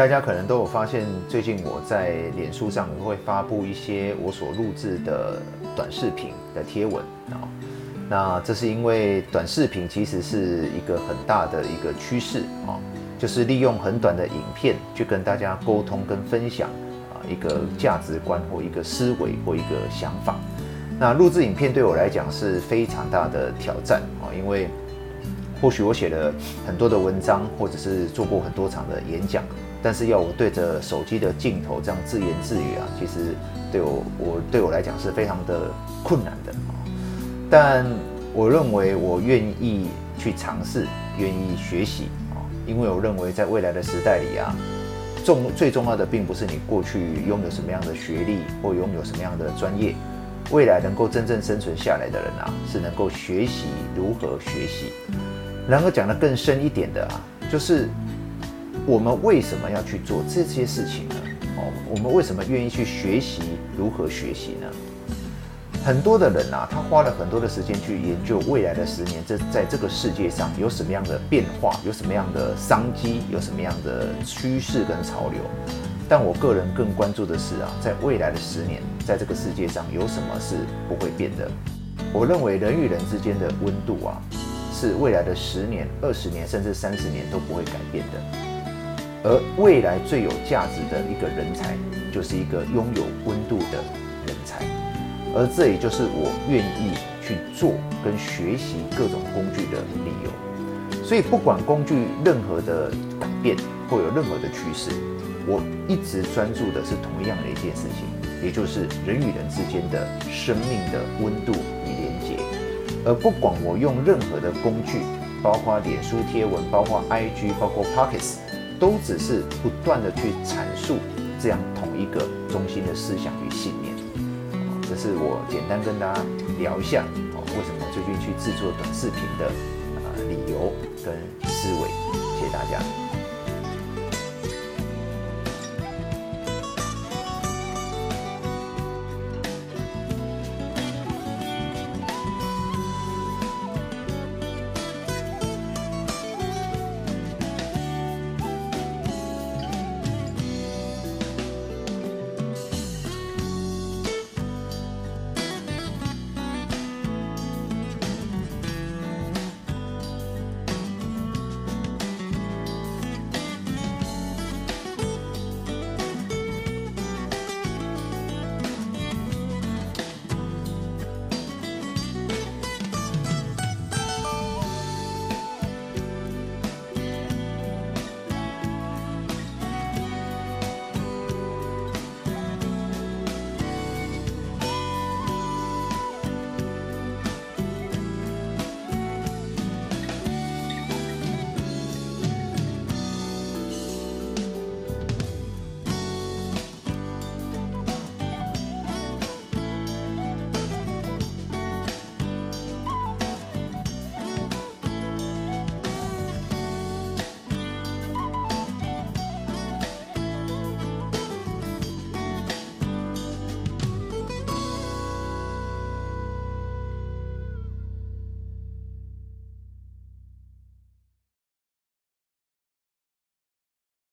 大家可能都有發現，最近我在臉書上會發布一些我所錄製的短視頻的貼文啊。那這是因為短視頻其實是一個很大的一個趨勢啊，就是利用很短的影片去跟大家溝通跟分享啊一個價值觀或一個思維或一個想法。那錄製影片對我來講是非常大的挑戰啊，因為，或許我寫了很多的文章，或者是做過很多場的演講，但是要我對着手機的鏡頭這樣自言自語啊，其實對我我對我來講是非常的困難的。哦，但我認為我願意去嘗試，願意學習啊，哦，因為我認為在未來的時代裡啊，重，最重要的並不是你過去擁有什麼樣的學歷或擁有什麼樣的專業，未來能夠真正生存下來的人啊，是能夠學習如何學習。嗯能夠講得更深一點的啊，就是我們為什麼要去做這些事情呢？哦，我們為什麼願意去學習如何學習呢？很多的人啊，他花了很多的時間去研究未來的十年，這在這個世界上有什麼樣的變化，有什麼樣的商機，有什麼樣的趨勢跟潮流。但我個人更關注的是啊，在未來的十年，在這個世界上有什麼是不會變的？我認為人與人之間的溫度啊。是未來的十年、二十年甚至三十年都不會改變的。而未來最有價值的一個人才，就是一個擁有溫度的人才。而這也就是我願意去做跟學習各種工具的理由。所以不管工具任何的改變或有任何的趨勢，我一直專注的是同樣的一件事情，也就是人與人之間的生命的溫度。而不管我用任何的工具，包括臉書貼文，包括 IG，包括 Pockets，都只是不斷的去闡述這樣同一個中心的思想與信念。這是我簡單跟大家聊一下，我為什麼最近去制作短視頻的啊理由跟思維。謝謝大家。